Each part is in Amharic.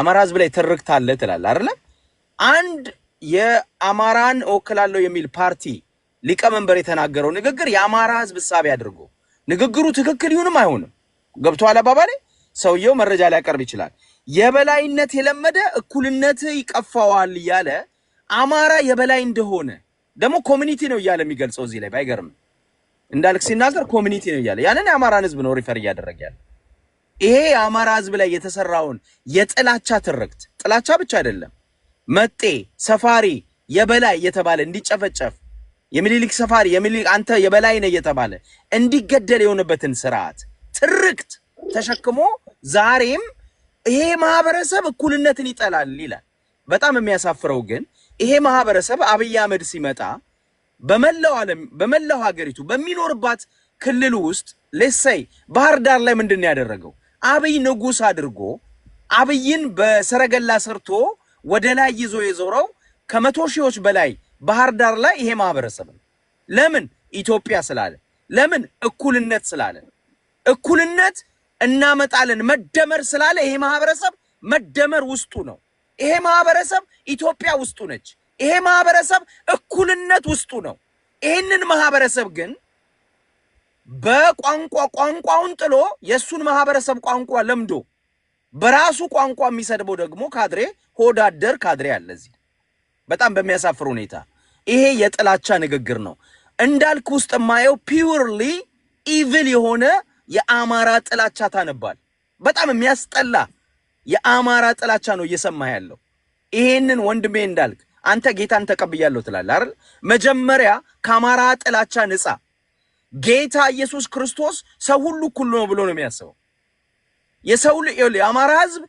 አማራ ህዝብ ላይ ትርክት አለ ትላለህ አይደለ? አንድ የአማራን እወክላለሁ የሚል ፓርቲ ሊቀመንበር የተናገረው ንግግር የአማራ ህዝብ እሳቤ አድርጎ ንግግሩ ትክክል ይሁንም አይሆንም ገብቶሃል አባባሌ? ሰውየው መረጃ ሊያቀርብ ይችላል። የበላይነት የለመደ እኩልነት ይቀፋዋል እያለ አማራ የበላይ እንደሆነ ደግሞ ኮሚኒቲ ነው እያለ የሚገልጸው እዚህ ላይ ባይገርም እንዳልክ ሲናገር ኮሚኒቲ ነው እያለ ያንን የአማራን ህዝብ ነው ሪፈር እያደረገ ያለ ይሄ የአማራ ህዝብ ላይ የተሰራውን የጥላቻ ትርክት ጥላቻ ብቻ አይደለም፣ መጤ ሰፋሪ የበላይ እየተባለ እንዲጨፈጨፍ የሚሊሊክ ሰፋሪ የሚሊሊክ አንተ የበላይ ነህ እየተባለ እንዲገደል የሆነበትን ስርዓት ትርክት ተሸክሞ ዛሬም ይሄ ማህበረሰብ እኩልነትን ይጠላል ይላል። በጣም የሚያሳፍረው ግን ይሄ ማህበረሰብ አብይ አህመድ ሲመጣ በመላው ዓለም በመላው ሀገሪቱ በሚኖርባት ክልል ውስጥ ሌሴይ ባህር ዳር ላይ ምንድን ነው ያደረገው? አብይ ንጉስ አድርጎ አብይን በሰረገላ ሰርቶ ወደ ላይ ይዞ የዞረው ከመቶ ሺዎች በላይ ባህር ዳር ላይ ይሄ ማህበረሰብ ነው። ለምን? ኢትዮጵያ ስላለ። ለምን? እኩልነት ስላለ። እኩልነት እናመጣለን መደመር ስላለ ይሄ ማህበረሰብ መደመር ውስጡ ነው። ይሄ ማህበረሰብ ኢትዮጵያ ውስጡ ነች። ይሄ ማህበረሰብ እኩልነት ውስጡ ነው። ይህንን ማህበረሰብ ግን በቋንቋ ቋንቋውን ጥሎ የእሱን ማህበረሰብ ቋንቋ ለምዶ በራሱ ቋንቋ የሚሰድበው ደግሞ ካድሬ ሆዳደር ካድሬ አለ እዚህ በጣም በሚያሳፍር ሁኔታ። ይሄ የጥላቻ ንግግር ነው። እንዳልክ ውስጥ የማየው ፒውርሊ ኢቪል የሆነ የአማራ ጥላቻ ታነባል። በጣም የሚያስጠላ የአማራ ጥላቻ ነው እየሰማ ያለው። ይሄንን ወንድሜ እንዳልክ አንተ ጌታን ተቀብያለሁ ትላለህ አይደል? መጀመሪያ ከአማራ ጥላቻ ንጻ። ጌታ ኢየሱስ ክርስቶስ ሰው ሁሉ እኩል ነው ብሎ ነው የሚያስበው። የሰው የአማራ ህዝብ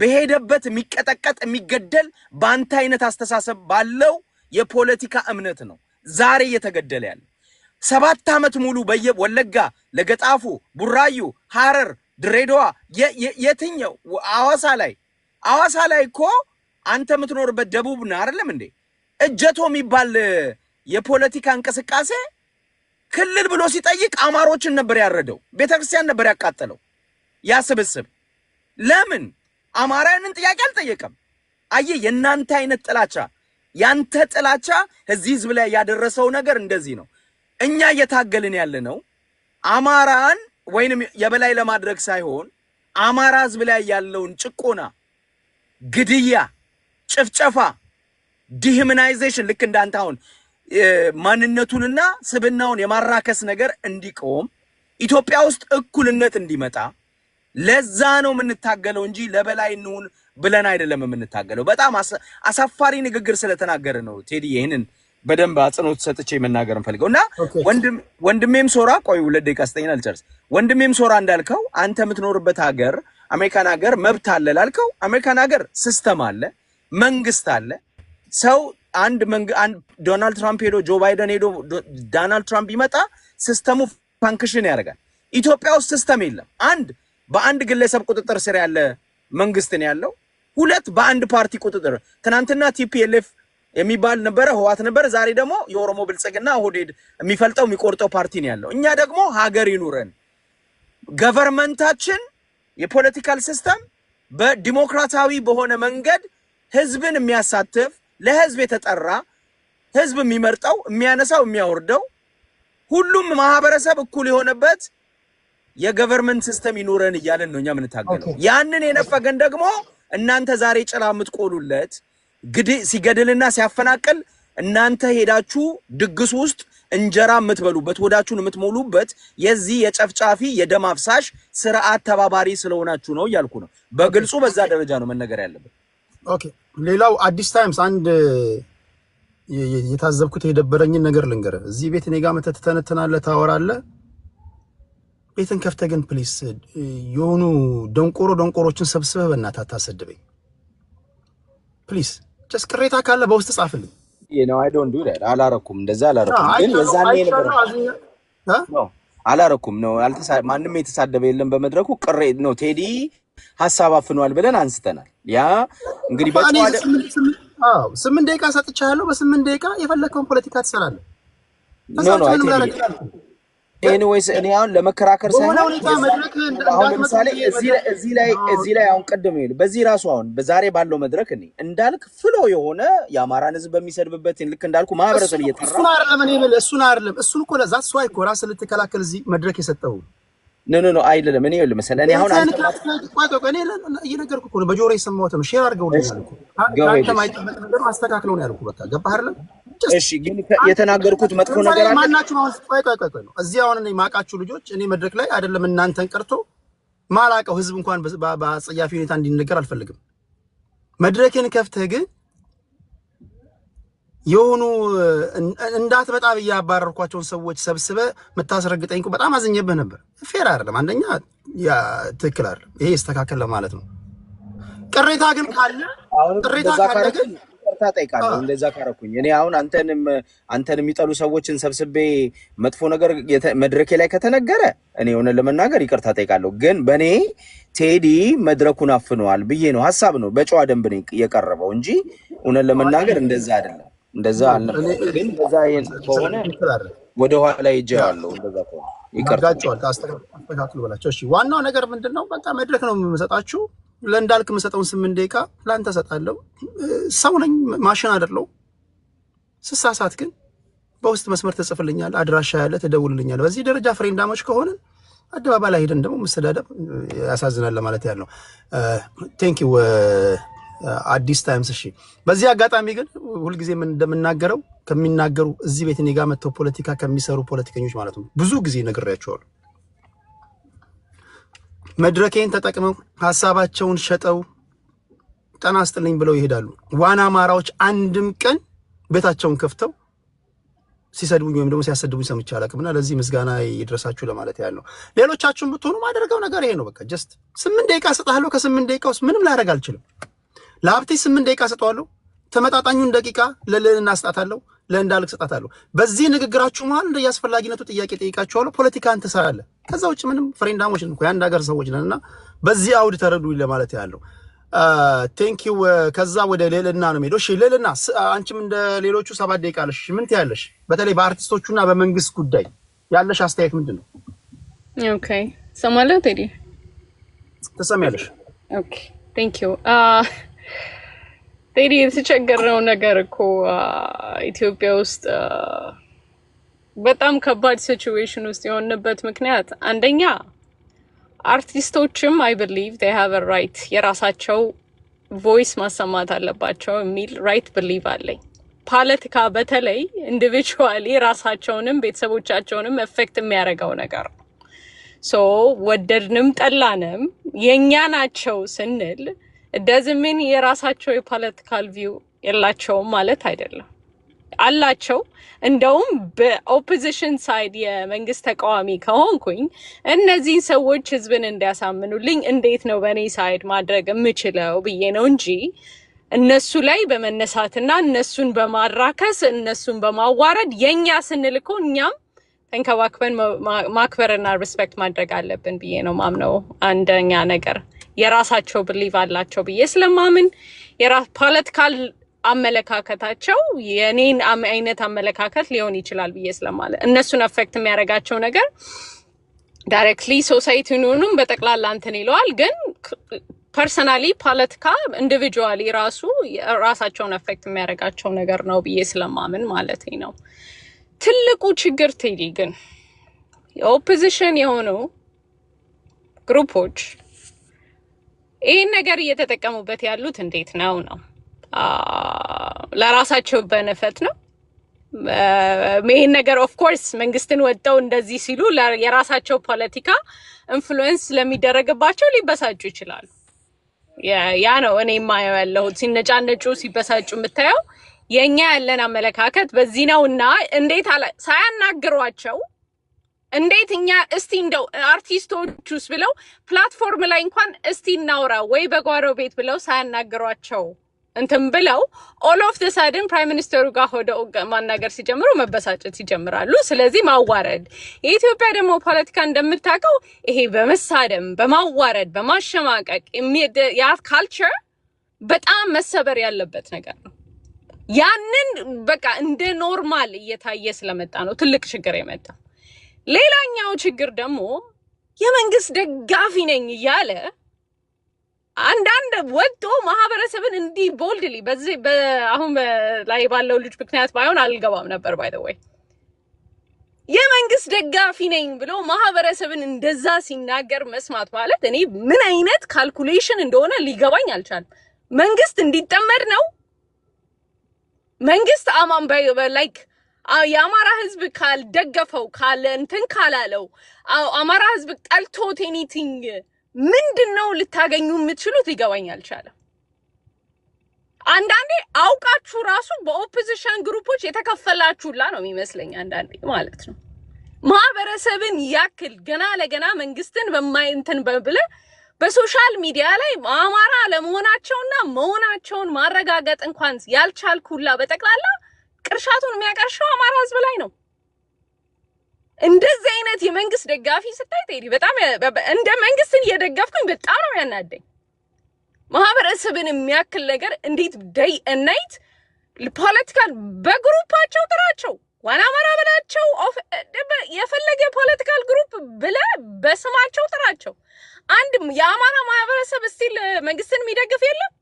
በሄደበት የሚቀጠቀጥ የሚገደል በአንተ አይነት አስተሳሰብ ባለው የፖለቲካ እምነት ነው ዛሬ እየተገደለ ያለ። ሰባት ዓመት ሙሉ በየወለጋ፣ ለገጣፉ፣ ቡራዩ፣ ሐረር፣ ድሬዳዋ የትኛው አዋሳ ላይ አዋሳ ላይ እኮ አንተ የምትኖርበት ደቡብ ነው አይደለም እንዴ? እጀቶ የሚባል የፖለቲካ እንቅስቃሴ ክልል ብሎ ሲጠይቅ አማሮችን ነበር ያረደው፣ ቤተክርስቲያን ነበር ያቃጠለው ያ ስብስብ። ለምን አማራንን ጥያቄ አልጠየቀም? አየ የእናንተ አይነት ጥላቻ ያንተ ጥላቻ እዚህ ህዝብ ላይ ያደረሰው ነገር እንደዚህ ነው። እኛ እየታገልን ያለ ነው አማራን ወይንም የበላይ ለማድረግ ሳይሆን አማራ ህዝብ ላይ ያለውን ጭቆና፣ ግድያ፣ ጭፍጨፋ፣ ዲሂምናይዜሽን ልክ እንዳንተ አሁን ማንነቱንና ስብናውን የማራከስ ነገር እንዲቆም ኢትዮጵያ ውስጥ እኩልነት እንዲመጣ ለዛ ነው የምንታገለው እንጂ ለበላይ እንሁን ብለን አይደለም የምንታገለው። በጣም አሳፋሪ ንግግር ስለተናገረ ነው ቴዲ ይህንን በደንብ አጽንኦት ሰጥቼ መናገር እንፈልገው እና ወንድሜም ሶራ ቆይ ሁለት ደቂቃ ስጠኝና ልጨርስ። ወንድሜም ሶራ እንዳልከው አንተ የምትኖርበት ሀገር አሜሪካን ሀገር መብት አለ ላልከው፣ አሜሪካን ሀገር ሲስተም አለ፣ መንግስት አለ። ሰው አንድ ዶናልድ ትራምፕ ሄዶ ጆ ባይደን ሄዶ ዶናልድ ትራምፕ ይመጣ ሲስተሙ ፋንክሽን ያደርጋል። ኢትዮጵያ ውስጥ ሲስተም የለም። አንድ በአንድ ግለሰብ ቁጥጥር ስር ያለ መንግስት ነው ያለው። ሁለት በአንድ ፓርቲ ቁጥጥር ትናንትና ቲፒኤልኤፍ የሚባል ነበረ፣ ህዋት ነበረ። ዛሬ ደግሞ የኦሮሞ ብልጽግና ሆዴድ የሚፈልጠው የሚቆርጠው ፓርቲ ነው ያለው። እኛ ደግሞ ሀገር ይኑረን። ገቨርመንታችን የፖለቲካል ሲስተም በዲሞክራታዊ በሆነ መንገድ ህዝብን የሚያሳትፍ ለህዝብ የተጠራ ህዝብ የሚመርጠው የሚያነሳው የሚያወርደው ሁሉም ማህበረሰብ እኩል የሆነበት የገቨርንመንት ሲስተም ይኖረን እያለን ነው እኛ የምንታገለው። ያንን የነፈገን ደግሞ እናንተ ዛሬ ጭራ የምትቆሉለት ግድ ሲገድልና ሲያፈናቅል እናንተ ሄዳችሁ ድግስ ውስጥ እንጀራ የምትበሉበት ወዳችሁን የምትሞሉበት የዚህ የጨፍጫፊ የደም አፍሳሽ ስርዓት ተባባሪ ስለሆናችሁ ነው እያልኩ ነው። በግልጹ በዛ ደረጃ ነው መነገር ያለበት። ኦኬ ሌላው አዲስ ታይምስ አንድ የታዘብኩት የደበረኝን ነገር ልንገር። እዚህ ቤት እኔ ጋር መተህ ትተነትናለህ፣ ታወራለህ። ቤትን ከፍተህ ግን ፕሊስ የሆኑ ደንቆሮ ደንቆሮችን ሰብስበህ በእናትህ አታሰድበኝ ፕሊስ። ጀስት ቅሬታ ካለ በውስጥ ጻፍልኝ። አላረኩም፣ እንደዛ አላረኩም ነው። ማንም የተሳደበ የለም በመድረኩ ቅሬ ነው ቴዲ ሀሳብ አፍኗል ብለን አንስተናል። ያ እንግዲህ ስምንት ደቂቃ ሰጥቻለሁ። በስምንት ደቂቃ የፈለግከውን ፖለቲካ ትሰራለህ። ኤኒዌይስ እኔ አሁን ለመከራከር ሳይሆን ለምሳሌ እዚህ ላይ እዚህ ላይ አሁን ቅድም ይሉ በዚህ ራሱ አሁን በዛሬ ባለው መድረክ እኔ እንዳልክ ፍሎ የሆነ የአማራን ሕዝብ በሚሰድብበት ልክ እንዳልኩ ማህበረሰብ እየጠራ እሱን አይደለም እኔ እሱን አይደለም እሱን እኮ ለዛ እሱ እኮ ራስ ልትከላከል እዚህ መድረክ የሰጠው ኖ ኖ ኖ አይልም። እኔ ይኸውልህ መሰለህ እኔ አሁን አንተ እየነገርኩህ እኮ ነው፣ በጆሮ የሰማሁት ነው። ሼር አድርገውልኝ አልኩህ። አንተ ማይጠበቅ ነገር አስተካክለው ነው ያልኩህ። በቃ ገባህ አይደለም? እሺ ግን የተናገርኩት መጥፎ ነገር አለ ማናችሁ? ነው? ቆይ ቆይ ቆይ ነው እዚህ አሁን እኔ ማውቃችሁ ልጆች እኔ መድረክ ላይ አይደለም እናንተን ቀርቶ ማላውቀው ህዝብ እንኳን በአጸያፊ ሁኔታ እንዲነገር አልፈልግም። መድረክን ከፍተህ ግን የሆኑ እንዳትመጣ በጣም ያባረርኳቸውን ሰዎች ሰብስበ የምታስረግጠኝ በጣም አዝኜብህ ነበር። ፌር አይደለም፣ አንደኛ ትክክል አይደለም። ይሄ ይስተካከል ለማለት ነው። ቅሬታ ግን ካለ ቅሬታ ካለ ግን ይቅርታ ጠይቃለሁ። እንደዛ ካረኩኝ እኔ አሁን አንተንም አንተን የሚጠሉ ሰዎችን ሰብስቤ መጥፎ ነገር መድረኬ ላይ ከተነገረ እኔ የሆነ ለመናገር ይቅርታ ጠይቃለሁ። ግን በእኔ ቴዲ መድረኩን አፍነዋል ብዬ ነው ሀሳብ ነው በጨዋ ደንብ ነው የቀረበው እንጂ እውነን ለመናገር እንደዛ አይደለም። እንደዛ ግን በዛ ከሆነ ወደኋላ ይጃ ያለው እንደዛ ከሆነ ይቀርጋቸዋል። ታስተካክሉ ብላቸው። እሺ ዋናው ነገር ምንድን ነው? በቃ መድረክ ነው የምሰጣችሁ። ለእንዳልክ የምሰጠውን ስምንት ደቂቃ ላንተ እሰጣለሁ። ሰው ነኝ፣ ማሽን አይደለሁ። ስሳሳት ግን በውስጥ መስመር ትጽፍልኛል፣ አድራሻ ያለ ትደውልልኛል። በዚህ ደረጃ ፍሬንዳሞች ከሆንን አደባባይ ላይ ሄደን ደግሞ መሰዳደብ ያሳዝናል ለማለት ያለው ነው። ቴንኪው አዲስ ታይምስ። እሺ፣ በዚህ አጋጣሚ ግን ሁልጊዜ እንደምናገረው ከሚናገሩ እዚህ ቤት እኔ መጥተው ፖለቲካ ከሚሰሩ ፖለቲከኞች ማለት ነው ብዙ ጊዜ ነግሬያቸዋለሁ። መድረኬን ተጠቅመው ሀሳባቸውን ሸጠው ጠና አስጥልኝ ብለው ይሄዳሉ። ዋና አማራዎች አንድም ቀን ቤታቸውን ከፍተው ሲሰድቡኝ ወይም ደግሞ ሲያሰድቡኝ ሰምቼ አላውቅምና ለዚህ ምስጋና ይድረሳችሁ ለማለት ያህል ነው። ሌሎቻችሁን ብትሆኑ ማደርገው ነገር ይሄ ነው። በቃ ጀስት ስምንት ደቂቃ እሰጥሃለሁ። ከስምንት ደቂቃ ውስጥ ምንም ላደርግ አልችልም። ለሀብቴ ስምንት ደቂቃ ሰጠዋለሁ። ተመጣጣኙን ደቂቃ ለልዕልና ሰጣታለሁ፣ ለእንዳልክ ሰጣታለሁ። በዚህ ንግግራችሁ መሀል እንደ የአስፈላጊነቱ ጥያቄ ጠይቃችኋለሁ። ፖለቲካ ትሰራለህ። ከዛ ውጭ ምንም ፍሬንዳሞች ነን፣ የአንድ ሀገር ሰዎች ነን እና በዚህ አውድ ተረዱኝ ለማለት ያለው ቴንኪው። ከዛ ወደ ልዕልና ነው የምሄደው። እሺ ልዕልና፣ አንቺም እንደ ሌሎቹ ሰባት ደቂቃ አለሽ። ምን ትያለሽ? በተለይ በአርቲስቶቹና በመንግስት ጉዳይ ያለሽ አስተያየት ምንድን ነው? ኦኬ ሰማለሁ። ቴዲ ትሰሚያለሽ? ኦኬ ቴንኪው ቴዲ የተቸገርነው ነገር እኮ ኢትዮጵያ ውስጥ በጣም ከባድ ሲቹዌሽን ውስጥ የሆንበት ምክንያት አንደኛ አርቲስቶችም አይ ብሊቭ ዴይ ሃቭ አ ራይት የራሳቸው ቮይስ ማሰማት አለባቸው የሚል ራይት ብሊቭ አለኝ። ፖለቲካ በተለይ ኢንዲቪጁዋሊ ራሳቸውንም ቤተሰቦቻቸውንም ኤፌክት የሚያደርገው ነገር ሶ ወደድንም ጠላንም የእኛ ናቸው ስንል ደዝምን የራሳቸው የፖለቲካል ቪው የላቸውም ማለት አይደለም። አላቸው። እንደውም በኦፖዚሽን ሳይድ የመንግስት ተቃዋሚ ከሆንኩኝ እነዚህን ሰዎች ህዝብን እንዲያሳምኑልኝ እንዴት ነው በእኔ ሳይድ ማድረግ የምችለው ብዬ ነው እንጂ እነሱ ላይ በመነሳትና እነሱን በማራከስ እነሱን በማዋረድ የኛ ስንል እኮ እኛም ተንከባክበን ማክበርና ሪስፔክት ማድረግ አለብን ብዬ ነው ማምነው። አንደኛ ነገር የራሳቸው ብሊቭ አላቸው ብዬ ስለማምን ፖለቲካል አመለካከታቸው የኔን አይነት አመለካከት ሊሆን ይችላል ብዬ ስለማለ እነሱን አፌክት የሚያደርጋቸው ነገር ዳይሬክትሊ ሶሳይቲውንም በጠቅላላ እንትን ይለዋል። ግን ፐርሰናሊ ፖለቲካ ኢንዲቪጁዋሊ ራሱ ራሳቸውን አፌክት የሚያደርጋቸው ነገር ነው ብዬ ስለማምን ማለት ነው። ትልቁ ችግር ትይል ግን የኦፖዚሽን የሆኑ ግሩፖች ይህን ነገር እየተጠቀሙበት ያሉት እንዴት ነው ነው? ለራሳቸው በነፈት ነው። ይህን ነገር ኦፍኮርስ መንግስትን ወጠው እንደዚህ ሲሉ የራሳቸው ፖለቲካ ኢንፍሉዌንስ ስለሚደረግባቸው ሊበሳጩ ይችላሉ። ያ ነው እኔ የማየው ያለሁት። ሲነጫነጩ ሲበሳጩ የምታየው የእኛ ያለን አመለካከት በዚህ ነው እና እንዴት ሳያናግሯቸው እንዴት እኛ እስቲ እንደው አርቲስቶቹስ ብለው ፕላትፎርም ላይ እንኳን እስቲ እናውራ ወይ በጓሮ ቤት ብለው ሳያናግሯቸው እንትን ብለው ኦል ኦፍ ተሳድን ፕራይም ሚኒስተሩ ጋር ሆደው ማናገር ሲጀምሩ መበሳጨት ይጀምራሉ። ስለዚህ ማዋረድ የኢትዮጵያ ደግሞ ፖለቲካ እንደምታውቀው ይሄ በመሳደም በማዋረድ በማሸማቀቅ ያ ካልቸር በጣም መሰበር ያለበት ነገር ነው። ያንን በቃ እንደ ኖርማል እየታየ ስለመጣ ነው ትልቅ ችግር የመጣ ሌላኛው ችግር ደግሞ የመንግስት ደጋፊ ነኝ እያለ አንዳንድ ወጥቶ ማህበረሰብን እንዲህ ቦልድሊ በዚህ አሁን ላይ ባለው ልጅ ምክንያት ባይሆን አልገባም ነበር። ባይ ወይ የመንግስት ደጋፊ ነኝ ብሎ ማህበረሰብን እንደዛ ሲናገር መስማት ማለት እኔ ምን አይነት ካልኩሌሽን እንደሆነ ሊገባኝ አልቻልም መንግስት እንዲጠመድ ነው መንግስት አማን ላይክ የአማራ ህዝብ ካልደገፈው ካለ እንትን ካላለው አማራ ህዝብ ጠልቶት ኤኒቲንግ ምንድን ነው ልታገኙ የምትችሉት? ይገባኝ አልቻለም። አንዳንዴ አውቃችሁ ራሱ በኦፖዚሽን ግሩፖች የተከፈላችሁላ ነው የሚመስለኝ አንዳንዴ ማለት ነው። ማህበረሰብን ያክል ገና ለገና መንግስትን በማይንትን በብለ በሶሻል ሚዲያ ላይ አማራ ለመሆናቸውና መሆናቸውን ማረጋገጥ እንኳን ያልቻልኩላ በጠቅላላ ቅርሻቱን የሚያቀርሸው አማራ ህዝብ ላይ ነው። እንደዚህ አይነት የመንግስት ደጋፊ ስታይ ቴዲ በጣም እንደ መንግስትን እየደገፍኩኝ በጣም ነው ያናደኝ። ማህበረሰብን የሚያክል ነገር እንዴት ደይ እናይት ፖለቲካል በግሩፓቸው ጥራቸው ዋና አማራ ብላቸው የፈለገ የፖለቲካል ግሩፕ ብለ በስማቸው ጥራቸው። አንድ የአማራ ማህበረሰብ ስቲል መንግስትን የሚደግፍ የለም፣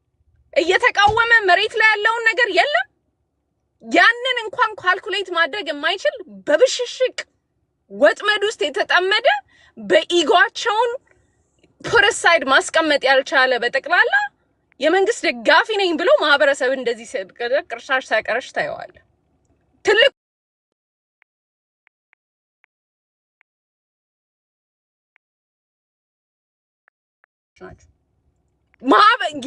እየተቃወመ መሬት ላይ ያለውን ነገር የለም። ያንን እንኳን ካልኩሌት ማድረግ የማይችል በብሽሽቅ ወጥመድ ውስጥ የተጠመደ በኢጓቸውን ፖረሳይድ ማስቀመጥ ያልቻለ በጠቅላላ የመንግስት ደጋፊ ነኝ ብሎ ማህበረሰብ እንደዚህ ቅርሻሽ ሳይቀረሽ ታየዋል። ትልቅ ናቸው።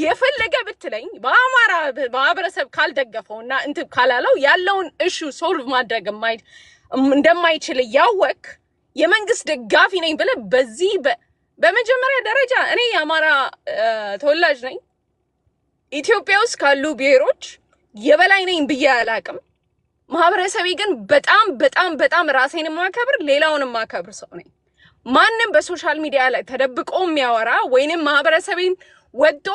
የፈለገ ብትለኝ በአማራ ማህበረሰብ ካልደገፈው እና እንትን ካላለው ያለውን እሹ ሶልቭ ማድረግ እንደማይችል እያወቅ የመንግስት ደጋፊ ነኝ ብለ በዚህ በመጀመሪያ ደረጃ እኔ የአማራ ተወላጅ ነኝ። ኢትዮጵያ ውስጥ ካሉ ብሔሮች የበላይ ነኝ ብዬ አላቅም። ማህበረሰቤ ግን በጣም በጣም በጣም ራሴን የማከብር ሌላውን የማከብር ሰው ነኝ። ማንም በሶሻል ሚዲያ ላይ ተደብቆ የሚያወራ ወይንም ማህበረሰቤን ወጥቶ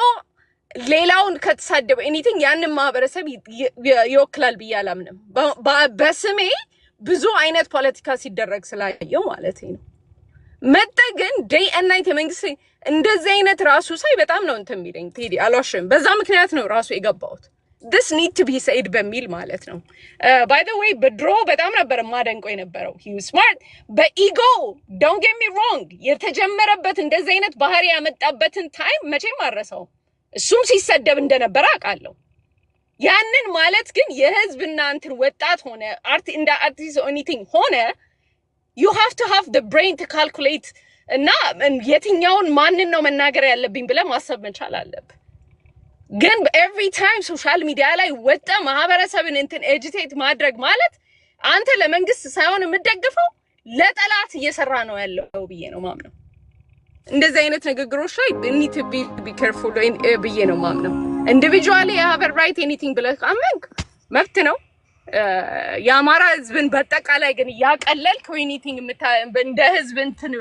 ሌላውን ከተሳደበ ኤኒቲንግ ያንን ማህበረሰብ ይወክላል ብዬ አላምንም። በስሜ ብዙ አይነት ፖለቲካ ሲደረግ ስላየው ማለት ነው። መጠ ግን ደይ እናይት የመንግስት እንደዚህ አይነት ራሱ ሳይ በጣም ነው እንትን የሚለኝ ቴዲ አሏሽም። በዛ ምክንያት ነው ራሱ የገባሁት። ዲስ ኒድ ቱ ቢ ሰይድ በሚል ማለት ነው። ባይ ዘ ዌይ በድሮ በጣም ነበር የማደንቆ የነበረው ሂ ስማርት በኢጎ ዶንት ጌት ሚ ሮንግ የተጀመረበት እንደዚህ አይነት ባህሪ ያመጣበትን ታይም መቼም አረሰው። እሱም ሲሰደብ እንደነበረ አውቃለሁ። ያንን ማለት ግን የህዝብና እንትን ወጣት ሆነ አርት እንደ አርቲስት ኤኒቲንግ ሆነ ዩ ሃቭ ቱ ሃቭ ደ ብሬን ቱ ካልኩሌት እና የትኛውን ማንን ነው መናገር ያለብኝ ብለህ ማሰብ መቻል አለብህ። ግን ኤቭሪ ታይም ሶሻል ሚዲያ ላይ ወጣ ማህበረሰብን እንትን ኤጅቴት ማድረግ ማለት አንተ ለመንግስት ሳይሆን የምደግፈው ለጠላት እየሰራ ነው ያለው ብዬ ነው ማምነው። እንደዚህ አይነት ንግግሮች ላይ ኒት ቢ ቢ ኬርፉል ብዬ ነው ማምነው። ኢንዲቪጁዋሊ የሀበር ራይት ኤኒቲንግ ብለህ ካመንክ መብት ነው። የአማራ ህዝብን በጠቃላይ ግን እያቀለልክ ወይ ኒቲንግ እንደ ህዝብ እንትን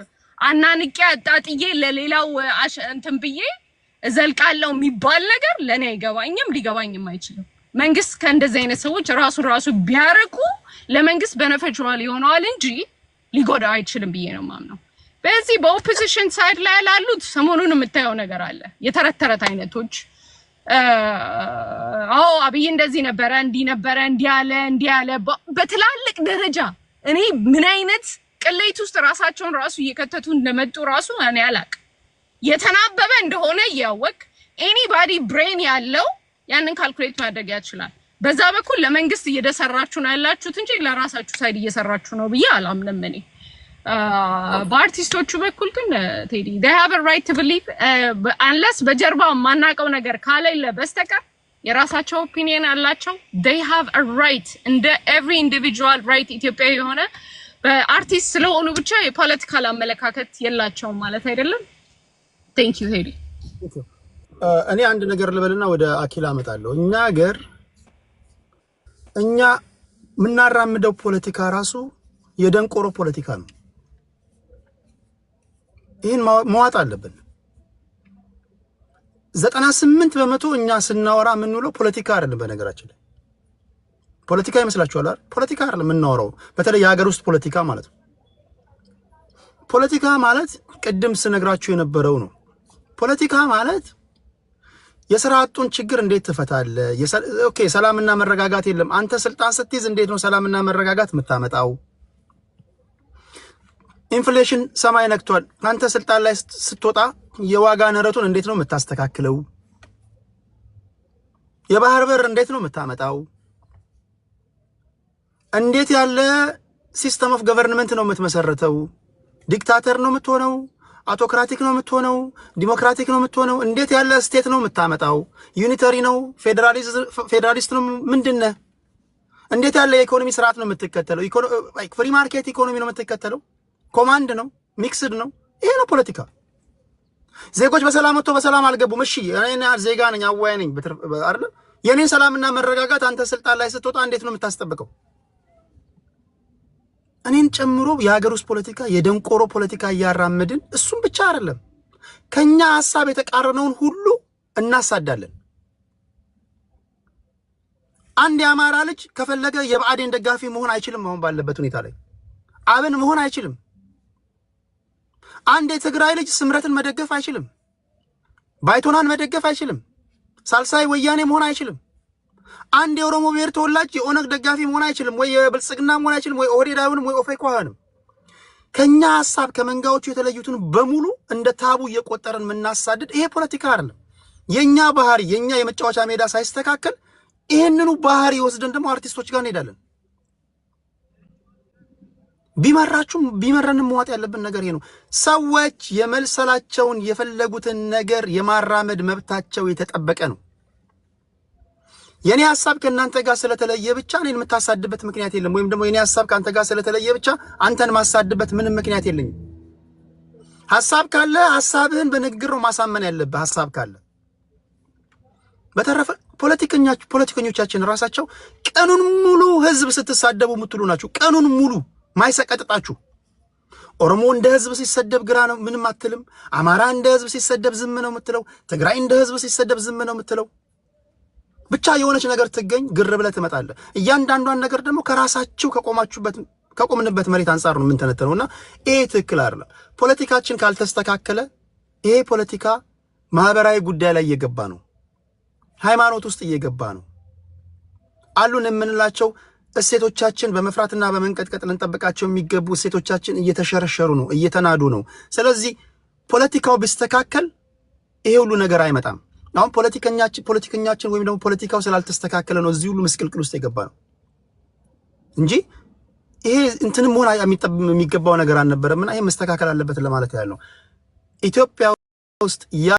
አናንቄ አጣጥዬ ለሌላው እንትን ብዬ ዘልቃለው የሚባል ነገር ለእኔ አይገባኝም፣ ሊገባኝም አይችልም። መንግስት ከእንደዚህ አይነት ሰዎች ራሱን ራሱ ቢያርቁ ለመንግስት በነፈችዋል ይሆነዋል እንጂ ሊጎዳ አይችልም ብዬ ነው ማምነው። በዚህ በኦፖዚሽን ሳይድ ላይ ላሉት ሰሞኑን የምታየው ነገር አለ። የተረት ተረት አይነቶች አዎ አብይ እንደዚህ ነበረ፣ እንዲህ ነበረ፣ እንዲህ አለ፣ እንዲህ አለ በትላልቅ ደረጃ እኔ ምን አይነት ቅሌት ውስጥ ራሳቸውን ራሱ እየከተቱ እንደመጡ ራሱ እኔ አላቅም። የተናበበ እንደሆነ እያወቅ ኤኒባዲ ብሬን ያለው ያንን ካልኩሌት ማድረግ ያችላል። በዛ በኩል ለመንግስት እየደሰራችሁ ነው ያላችሁት እንጂ ለራሳችሁ ሳይድ እየሰራችሁ ነው ብዬ አላምንም እኔ። በአርቲስቶቹ በኩል ግን ቴዲ ሀቭ ራይት ብሊቭ አንለስ በጀርባ የማናውቀው ነገር ካለለ በስተቀር የራሳቸው ኦፒኒየን አላቸው። ዴይ ሃቭ ራይት እንደ ኤቭሪ ኢንዲቪጁዋል ራይት ኢትዮጵያዊ የሆነ በአርቲስት ስለሆኑ ብቻ የፖለቲካል አመለካከት የላቸውም ማለት አይደለም። ቴንክ ዩ ሄሪ። እኔ አንድ ነገር ልበልና ወደ አኪላ አመጣለሁ። እኛ ሀገር እኛ የምናራምደው ፖለቲካ ራሱ የደንቆሮ ፖለቲካ ነው። ይህን መዋጥ አለብን። ዘጠና ስምንት በመቶ እኛ ስናወራ የምንውለው ፖለቲካ አይደለም። በነገራችን ላይ ፖለቲካ ይመስላችኋል አይደል? ፖለቲካ አይደለም የምናወራው፣ በተለይ የሀገር ውስጥ ፖለቲካ ማለት ነው። ፖለቲካ ማለት ቅድም ስነግራችሁ የነበረው ነው። ፖለቲካ ማለት የስራ አጡን ችግር እንዴት ትፈታለ? ኦኬ ሰላምና መረጋጋት የለም። አንተ ስልጣን ስትይዝ እንዴት ነው ሰላምና መረጋጋት የምታመጣው? ኢንፍሌሽን ሰማይ ነክቷል። አንተ ስልጣን ላይ ስትወጣ የዋጋ ንረቱን እንዴት ነው የምታስተካክለው? የባህር በር እንዴት ነው የምታመጣው? እንዴት ያለ ሲስተም ኦፍ ገቨርንመንት ነው የምትመሰርተው? ዲክታተር ነው የምትሆነው? አውቶክራቲክ ነው የምትሆነው? ዲሞክራቲክ ነው የምትሆነው? እንዴት ያለ ስቴት ነው የምታመጣው? ዩኒተሪ ነው? ፌዴራሊስት ነው? ምንድን ነህ? እንዴት ያለ የኢኮኖሚ ስርዓት ነው የምትከተለው? ፍሪ ማርኬት ኢኮኖሚ ነው የምትከተለው? ኮማንድ ነው? ሚክስድ ነው? ይሄ ነው ፖለቲካ። ዜጎች በሰላም ወጥቶ በሰላም አልገቡም። እሺ እኔ ዜጋ ነኝ፣ አዋይ ነኝ አይደል? የእኔን ሰላምና መረጋጋት አንተ ስልጣን ላይ ስትወጣ እንዴት ነው የምታስጠብቀው? እኔን ጨምሮ የሀገር ውስጥ ፖለቲካ የደንቆሮ ፖለቲካ እያራመድን እሱም ብቻ አይደለም ከኛ ሀሳብ የተቃረነውን ሁሉ እናሳዳለን። አንድ የአማራ ልጅ ከፈለገ የብአዴን ደጋፊ መሆን አይችልም። አሁን ባለበት ሁኔታ ላይ አብን መሆን አይችልም። አንድ የትግራይ ልጅ ስምረትን መደገፍ አይችልም። ባይቶናን መደገፍ አይችልም። ሳልሳይ ወያኔ መሆን አይችልም። አንድ የኦሮሞ ብሔር ተወላጅ የኦነግ ደጋፊ መሆን አይችልም ወይ የብልጽግና መሆን አይችልም ወይ ኦህዴድ አይሆንም ወይ ኦፌኮ አይሆንም። ከኛ ሀሳብ ከመንጋዎቹ የተለዩትን በሙሉ እንደ ታቡ እየቆጠረን የምናሳድድ ይሄ ፖለቲካ አይደለም። የእኛ ባህሪ የእኛ የመጫወቻ ሜዳ ሳይስተካከል ይህንኑ ባህሪ ወስደን ደግሞ አርቲስቶች ጋር እንሄዳለን። ቢመራችሁም ቢመረንም መዋጥ ያለብን ነገር ይሄ ነው። ሰዎች የመልሰላቸውን የፈለጉትን ነገር የማራመድ መብታቸው የተጠበቀ ነው። የኔ ሀሳብ ከእናንተ ጋር ስለተለየ ብቻ እኔን የምታሳድበት ምክንያት የለም። ወይም ደግሞ የኔ ሀሳብ ከአንተ ጋር ስለተለየ ብቻ አንተን ማሳድበት ምንም ምክንያት የለኝም። ሀሳብ ካለ ሀሳብህን በንግግር ነው ማሳመን ያለብህ ሀሳብ ካለ። በተረፈ ፖለቲከኞቻችን ራሳቸው ቀኑን ሙሉ ህዝብ ስትሳደቡ የምትሉ ናችሁ። ቀኑን ሙሉ ማይሰቀጥጣችሁ ኦሮሞ እንደ ህዝብ ሲሰደብ ግራ ነው ምንም አትልም። አማራ እንደ ህዝብ ሲሰደብ ዝም ነው የምትለው። ትግራይ እንደ ህዝብ ሲሰደብ ዝም ነው የምትለው። ብቻ የሆነች ነገር ትገኝ፣ ግር ብለህ ትመጣለህ። እያንዳንዷን ነገር ደግሞ ከራሳችሁ ከቆማችሁበት ከቆምንበት መሬት አንጻር ነው የምንተነትነው እና ይሄ ትክክል አይደለም። ፖለቲካችን ካልተስተካከለ ይሄ ፖለቲካ ማህበራዊ ጉዳይ ላይ እየገባ ነው፣ ሃይማኖት ውስጥ እየገባ ነው። አሉን የምንላቸው እሴቶቻችን በመፍራትና በመንቀጥቀጥ ልንጠብቃቸው የሚገቡ እሴቶቻችን እየተሸረሸሩ ነው፣ እየተናዱ ነው። ስለዚህ ፖለቲካው ቢስተካከል ይሄ ሁሉ ነገር አይመጣም። አሁን ፖለቲከኛችን ፖለቲከኛችን ወይም ደግሞ ፖለቲካው ስላልተስተካከለ ነው እዚህ ሁሉ ምስቅልቅል ውስጥ የገባ ነው እንጂ ይሄ እንትንም መሆን የሚገባው ነገር አልነበረም እና ይሄ መስተካከል አለበት ለማለት ያህል ነው ኢትዮጵያ ውስጥ